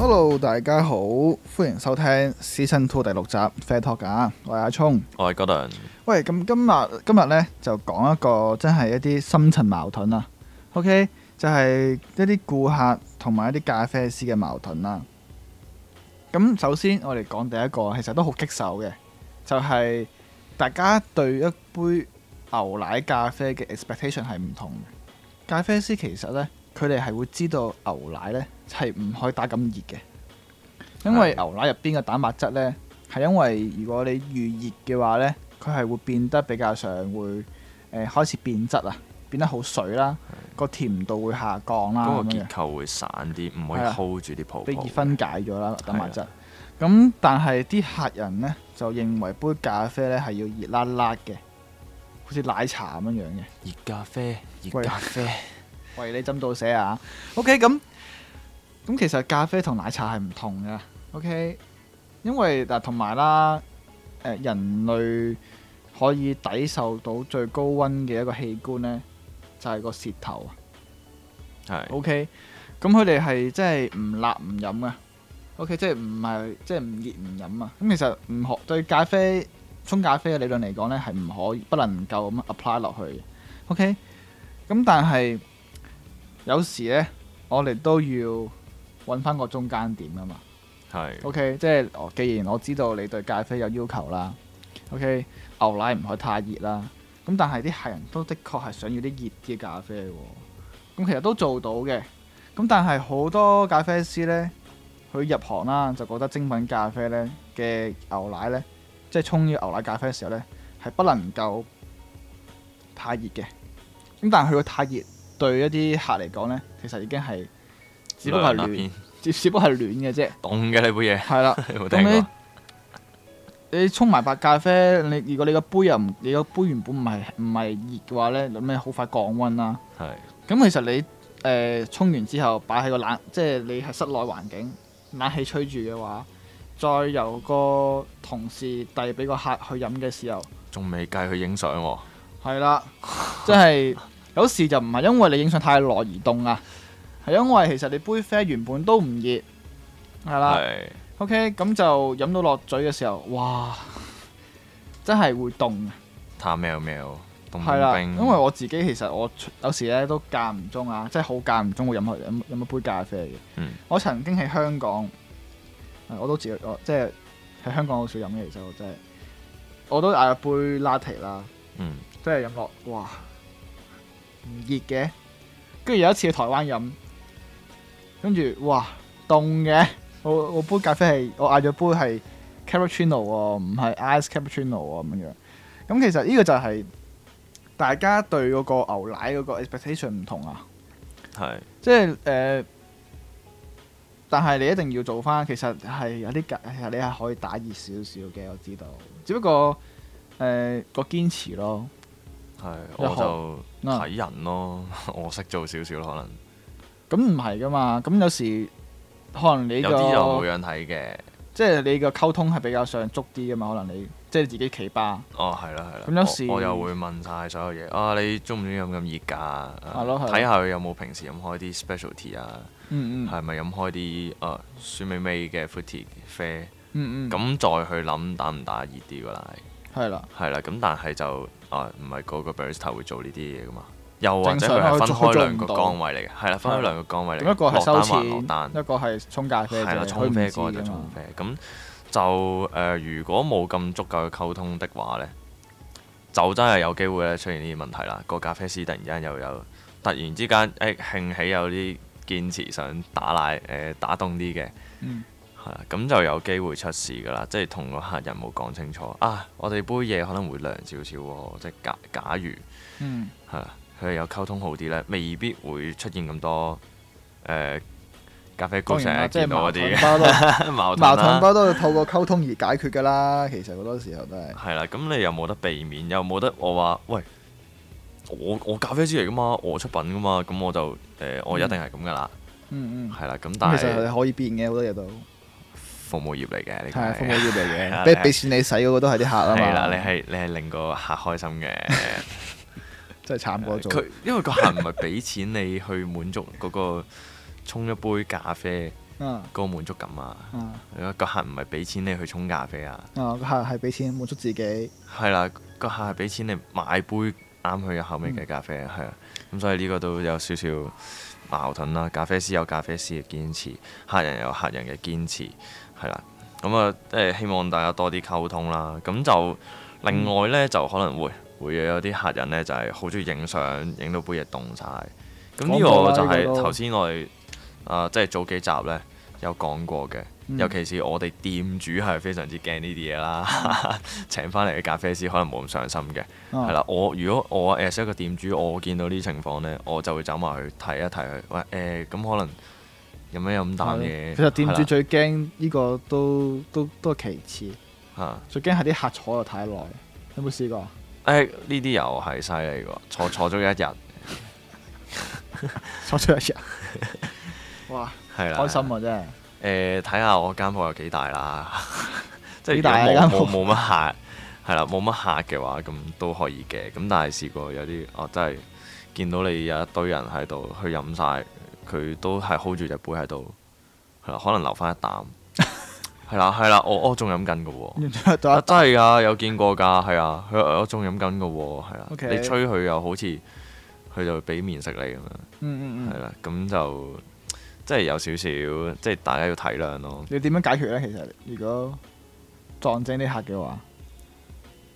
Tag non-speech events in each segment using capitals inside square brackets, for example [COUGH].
Hello，大家好，歡迎收聽《師親 to》第六集，fair talk 我係阿聰，我係 j o d a n 喂，咁今日今日咧就講一個真係一啲深層矛盾啦。OK，就係一啲顧客同埋一啲咖啡師嘅矛盾啦。咁首先我哋講第一個，其實都好棘手嘅，就係、是、大家對一杯牛奶咖啡嘅 expectation 係唔同咖啡師其實呢，佢哋係會知道牛奶呢。係唔可以打咁熱嘅，因為牛奶入邊嘅蛋白質呢，係因為如果你預熱嘅話呢，佢係會變得比較上會誒、呃、開始變質啊，變得好水啦，個是的 甜度會下降啦。個結構會散啲，唔的可以 hold 住啲泡，泡。被熱分解咗啦，蛋白質。咁是的 但係啲客人呢，就認為杯咖啡呢係要熱辣辣嘅，好似奶茶咁樣嘅熱咖啡，熱咖啡，為 [LAUGHS] 喂，你斟到死啊 [LAUGHS] ！OK，咁。咁其實咖啡同奶茶係唔同嘅，OK，因為嗱同埋啦、呃，人類可以抵受到最高温嘅一個器官呢，就係、是、個舌頭，啊是 OK，咁佢哋係即係唔辣唔飲啊 OK 即係唔係即係唔熱唔飲啊，咁其實唔可對咖啡沖咖啡嘅理論嚟講呢，係唔可以不能夠咁 apply 落去，OK，咁但係有時呢，我哋都要。揾翻個中間點啊嘛，係的，OK，即係，哦，既然我知道你對咖啡有要求啦，OK，牛奶唔可以太熱啦，咁但係啲客人都的確係想要啲熱啲嘅咖啡喎，哦，咁其實都做到嘅，咁但係好多咖啡師呢，佢入行啦就覺得精品咖啡呢嘅牛奶呢，即係沖呢牛奶咖啡嘅時候呢，係不能夠太熱嘅，咁但係佢個太熱對一啲客嚟講呢，其實已經係，只不過係暖。只不過係暖嘅啫，凍嘅你杯嘢。係啦了， [LAUGHS] 你你沖埋白咖啡，你如果你個杯又唔，你個杯原本唔係唔係熱嘅話咧，咁咪好快降溫啦。係是。咁其實你誒、呃、沖完之後擺喺個冷，即係你係室內環境冷氣吹住嘅話，再由個同事遞俾個客去飲嘅時候，仲未計去影相喎。係啦了，即係 [LAUGHS] 有時就唔係因為你影相太耐而凍啊。因為其實你杯啡原本都唔熱，係啦。OK，咁就飲到落嘴嘅時候，哇，真係會凍嘅。淡咩嘢咩嘢？凍冰。係啦，因為我自己其實我有時咧都間唔中啊，即係好間唔中會飲下飲飲一杯咖啡嘅。嗯。我曾經喺香港，我都自己我即係喺香港好少飲嘅，其實我真係，我都嗌杯 latte 啦。嗯。真係飲落，哇，唔熱嘅。跟住有一次去台灣飲。跟住，哇，凍嘅！我我杯咖啡係我嗌咗杯係 cappuccino 喎，唔係 ice cappuccino 喎咁樣。咁其實呢個就係大家對嗰個牛奶嗰個 expectation 唔同啊。係是。即係誒、呃，但係你一定要做翻。其實係有啲你係可以打熱少少嘅。我知道，只不過誒個、呃、堅持咯。係，我就睇人咯。嗯、我識做少少可能。咁唔係噶嘛，咁有時可能你有啲人冇樣睇嘅，即係你個溝通係比較上足啲噶嘛，可能你即係自己企吧，哦，係啦，係啦。咁有時我，我又會問晒所有嘢，啊，你中唔中意飲咁熱噶？睇下佢有冇平時飲開啲 specialty 啊，嗯，係咪飲開啲誒酸味味嘅 fruity 啡？嗯嗯，咁、嗯、再去諗打唔打熱啲嘅奶，係啦的，係啦。咁但係就啊，唔係個個 barista 會做呢啲嘢噶嘛。又或者佢係分開兩個崗位嚟嘅，係啦，對分開兩個崗位嚟。咁的一個係收錢，落單，一個係沖咖啡。係啦的，沖啡嗰個、嗯、就沖啡。咁就誒，如果冇咁足夠嘅溝通的話呢，就真係有機會咧出現呢啲問題啦。個咖啡師突，突然之間又有突然之間誒興起有啲堅持想打奶誒、呃、打凍啲嘅，係啦、嗯，咁就有機會出事噶啦。即係同個客人冇講清楚啊，我哋杯嘢可能會涼少少喎。即係假假如，係啦、嗯。佢哋有溝通好啲咧，未必會出現咁多誒咖啡局成日見到嗰啲矛盾。矛盾都要透過溝通而解決噶啦，其實好多時候都係係啦。咁你又冇得避免，又冇得我話喂，我我咖啡師嚟噶嘛，我出品噶嘛，咁我就誒我一定係咁噶啦。嗯，係啦。咁但係其實你可以變嘅好多嘢，都服務業嚟嘅，你服務業嚟嘅。俾俾錢你使嗰個都係啲客啊嘛。係啦，你係你係令個客開心嘅。真係慘嗰種 [LAUGHS] 因為個客唔係俾錢你去滿足嗰個沖一杯咖啡，個滿足感啊。個、啊、客唔係俾錢你去沖咖啡啊。個客係俾錢滿足自己。係啦，個客係俾錢你買杯啱佢嘅口味嘅咖啡，係啊、嗯。咁所以呢個都有少少矛盾啦。咖啡師有咖啡師嘅堅持，客人有客人嘅堅持，係啦。咁啊，誒希望大家多啲溝通啦。咁就另外呢，就可能會，嗯會有啲客人呢就係好中意影相，影到杯嘢凍晒。咁呢個就係頭先我哋、 [MUSIC] 呃、即係早幾集呢，有講過嘅，嗯、尤其是我哋店主係非常之驚呢啲嘢啦。 [LAUGHS] 請翻嚟嘅咖啡師可能冇咁上心嘅，係、啊、啦。我如果我 as 一個店主，我見到呢情況呢，我就會走埋去睇一睇佢。喂誒，咁、欸、可能有咩飲啖嘅？其實店主啦最驚呢個都都都係其次，啊、最驚係啲客坐得太耐。有冇試過？誒呢啲又係犀利喎，坐坐咗一日，坐咗一日， [LAUGHS] 一 [LAUGHS] 哇，係啦，開心啊，真係。誒，睇下我間鋪有幾大啦，即係冇冇冇乜客，係 [LAUGHS] 啦，冇乜客嘅話，咁都可以嘅。咁但係試過有啲，哦，真係見到你有一堆人喺度去飲晒，佢都係 hold 住隻杯喺度，可能留翻一啖。係啦，係啦，我我仲飲緊嘅喎，真係噶、啊、有見過噶，係啊，佢我仲飲緊嘅喎，係啦，Okay. 你吹佢又好似佢就俾面食你咁樣，嗯嗯嗯，係啦，咁就即係有少少，即係大家要體諒咯。你點樣解決咧？其實如果撞正啲客嘅話，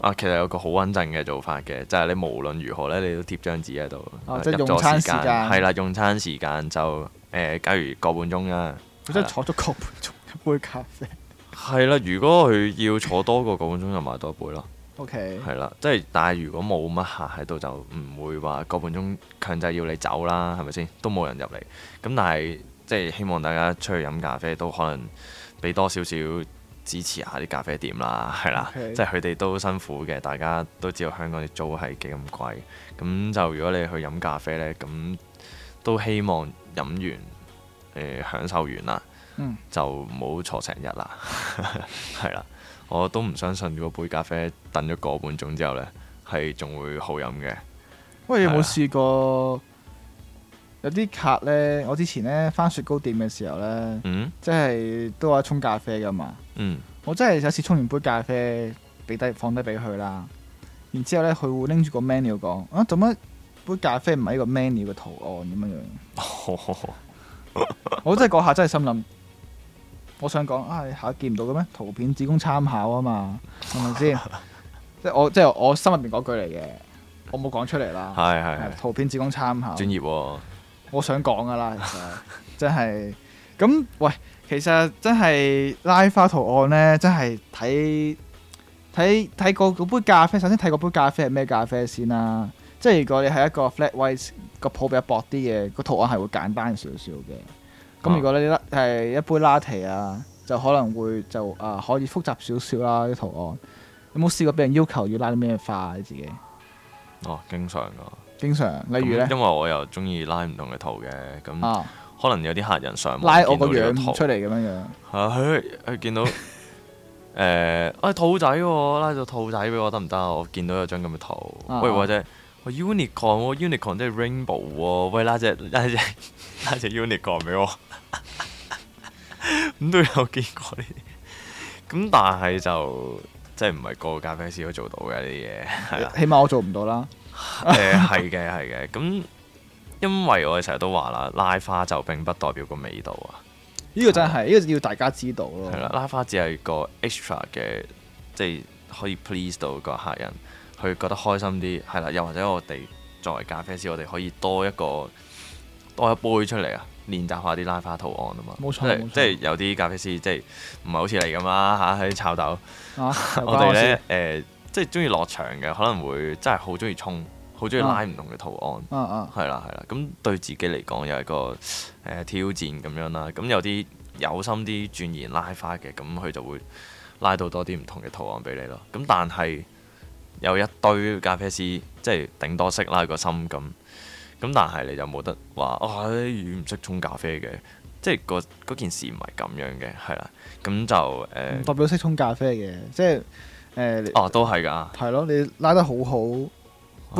啊，其實有個好穩陣嘅做法嘅，就係、是、你無論如何咧，你都貼張紙喺度、啊，即係用餐時間，係啦，用餐時間就誒、呃，假如個半鐘啦、啊，佢真係坐咗個半鐘一杯咖啡。 [LAUGHS] [LAUGHS] 係啦，如果佢要坐多個個半鐘就買多一杯咯。OK。係啦，即係但係如果冇乜客喺度就唔會話個半鐘強制要你走啦，係咪先？都冇人入嚟。咁但係即係希望大家出去飲咖啡都可能俾多少少支持下啲咖啡店啦，係啦。即係佢哋都辛苦嘅，大家都知道香港啲租係幾咁貴。咁就如果你去飲咖啡呢，咁都希望飲完誒、呃、享受完啦。嗯、就唔好坐成日啦，係啦，我都唔相信如果杯咖啡等咗個半鐘之後呢，係仲會好飲嘅。喂，的試有冇試過有啲客呢，我之前呢返雪糕店嘅時候呢，嗯、即係都係沖咖啡噶嘛。嗯、我真係有次沖完杯咖啡，俾低放低俾佢啦。然之後呢，佢會拎住個 menu 講啊，做乜杯咖啡唔係一個 menu 嘅圖案咁樣樣？哦、我真係嗰下真係心諗。 [LAUGHS] 心我想講，啊、哎，下見唔到嘅咩？圖片只供參考啊嘛，係咪先？ [LAUGHS] 即係我，即係我心入邊嗰句嚟嘅，我冇講出嚟啦。係係 [LAUGHS] 圖片只供參考。專業、哦，我想講噶啦，其實 [LAUGHS] 真係。咁喂，其實真係拉花圖案呢，真係睇睇睇過嗰杯咖啡，首先睇嗰杯咖啡係咩咖啡先啦。即係如果你係一個 flat white 個鋪比較薄啲嘅，個圖案係會簡單少少嘅。咁、啊、如果你拉係一杯拉提啊，就可能會就啊可以複雜少少啦啲圖案。有冇試過俾人要求要拉啲咩花？你自己？哦、啊，經常㗎、啊。經常，例如咧。因為我又鍾意拉唔同嘅圖嘅，咁可能有啲客人上網見到個圖出嚟咁樣樣。係啊，佢佢見到誒啊、 [LAUGHS] 呃哎、兔仔喎、啊，拉咗兔仔俾我得唔得？我見到有張咁嘅圖，啊、喂或者。Unicorn，Unicorn 即係 rainbow，喂，拉隻拉隻拉隻 Unicorn 俾我，咁 [LAUGHS] 都有見過呢啲，咁 [LAUGHS] 但係就即係唔係個咖啡師都做到嘅呢啲嘢，係啦，啊、起碼我做唔到啦。誒、 [LAUGHS] 呃，係嘅，係嘅，咁因為我哋成日都話啦，拉花就並不代表個味道啊，呢個真係呢但個要大家知道咯。係啦、啊，拉花只係個 extra 嘅，即係可以 please 到個客人。佢覺得開心啲，係啦，又或者我哋作為咖啡師，我哋可以多一個多一杯出嚟啊，練習一下啲拉花圖案啊嘛。冇錯，為錯即係有啲咖啡師即係唔係好似你咁啦嚇，喺、啊、炒豆。我哋咧誒，即係中意落場嘅，可能會真係好中意沖，好中意拉唔同嘅圖案。嗯係啦係啦，咁、啊、對，對自己嚟講又係一個誒、呃、挑戰咁樣啦。咁有啲有心啲轉型拉花嘅，咁佢就會拉到多啲唔同嘅圖案俾你咯。咁但係。有一堆咖啡師，即係頂多識拉個心咁，咁但係你就冇得話啊啲魚唔識沖咖啡嘅，即係嗰件事唔係咁樣嘅，係啦，咁就誒。代表識沖咖啡嘅，即係誒。哦，都係噶。係咯，你拉得好好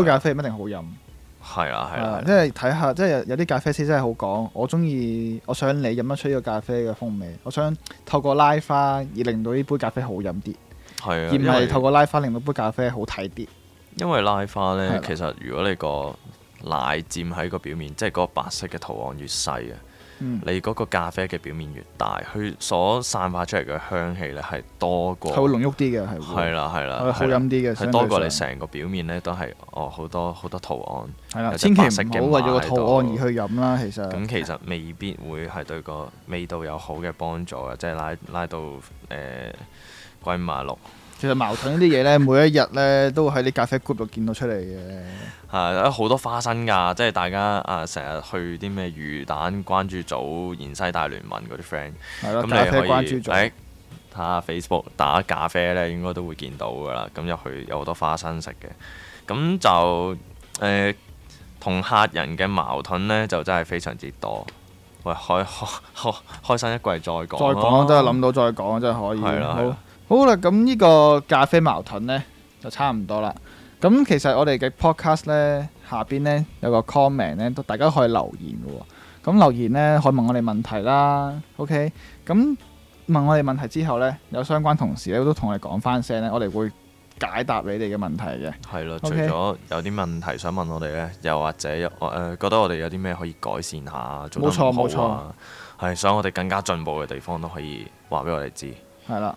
杯咖啡唔一定好飲。係啊係啊，即係睇下即係有啲咖啡師真係好講。我中意，我想你飲得出呢個咖啡嘅風味。我想透過拉花而令到呢杯咖啡好飲啲。係啊，而唔係透過拉花令到杯咖啡好睇啲。因為拉花咧，其實如果你個奶佔喺個表面，即係嗰個白色嘅圖案越細啊。嗯、你嗰個咖啡嘅表面越大，佢所散發出嚟嘅香氣咧係多過，係會濃郁啲嘅，係啦係啦，係的的好飲啲嘅，係的多過你成個表面咧都係哦好多好多圖案，係啦的，的千祈唔好為咗個圖案而去飲啦，其實咁其實未必會係對個味道有好嘅幫助啊，即、就、係、是、拉拉到誒、呃、鬼五馬六。其實矛盾呢啲嘢呢，每一日呢都喺啲咖啡 group 度見到出嚟嘅。係好多花生㗎，即係大家啊，成日去啲咩魚蛋關注組、芫茜大聯盟嗰啲 friend。咁你可以關注組，睇下 Facebook 打咖啡呢應該都會見到㗎啦。咁又去有好多花生食嘅。咁就誒，同客人嘅矛盾呢就真係非常之多。喂，開開新一季再講，再講真係諗到再講，真係可以。係啦。好啦，咁呢個咖啡矛盾呢就差唔多啦。咁其實我哋嘅 podcast 呢，下邊呢有個 comment 呢，都大家都可以留言嘅、哦。咁留言呢可以問我哋問題啦。OK，咁問我哋問題之後呢，有相關同事呢都同我哋講翻聲呢，我哋會解答你哋嘅問題嘅。係咯了，OK？除咗有啲問題想問我哋呢，又或者有、呃、覺得我哋有啲咩可以改善下，冇錯冇錯，係想我哋更加進步嘅地方都可以話俾我哋知。係啦。